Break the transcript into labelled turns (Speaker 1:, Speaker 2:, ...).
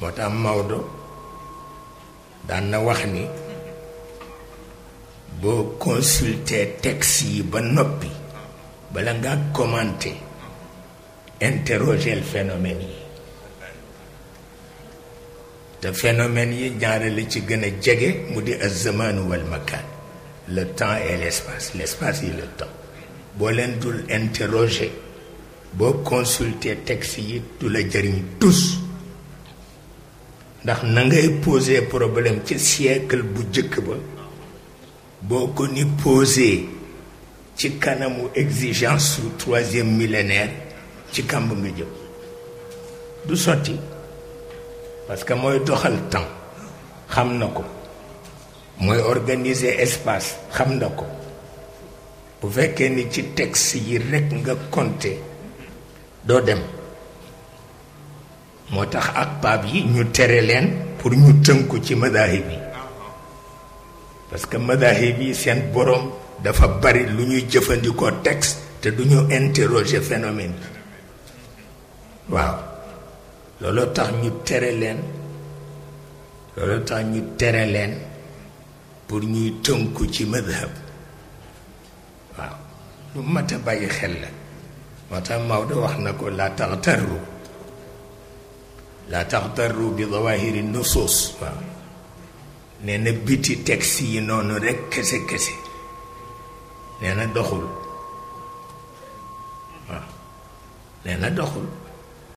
Speaker 1: moo tax Maodo daan na wax ni boo consulter texte yi ba noppi bala ngaa commenter interroger le phénomène yi te phénomène yi ñaare ci gën a jege mu di az-zaman wal makan le temps et l'espace l'espace et le temps boo leen dul interroger boo consulter texte yi du la jëriñ tous ndax na ngay poser problème ci siècle bu jëkk ba boo ko ni poser ci kanamu exigence su troisième millénaire ci kàmb nga jëm du sotti parce que mooy doxal temps xam na ko mooy organiser espace xam na ko bu fekkee ni ci tex yi rekk nga compter doo dem moo tax ak paab yi ñu tere leen pour ñu tënku ci madahib yi parce que madahib yi seen borom dafa bari lu ñuy jëfandikoo tex te du ñu interroger phénomène waaw looloo tax ñu tere leen looloo tax ñu tere leen pour ñuy tënku ci madhab waaw lu mat bàyyi xel la moo tax Maodo wax na ko laa tax tarru laa taxtaru bi dawahiri nusuus waaw nee na biti texte noonu rekk kese kese nee na doxul waaw nee na doxul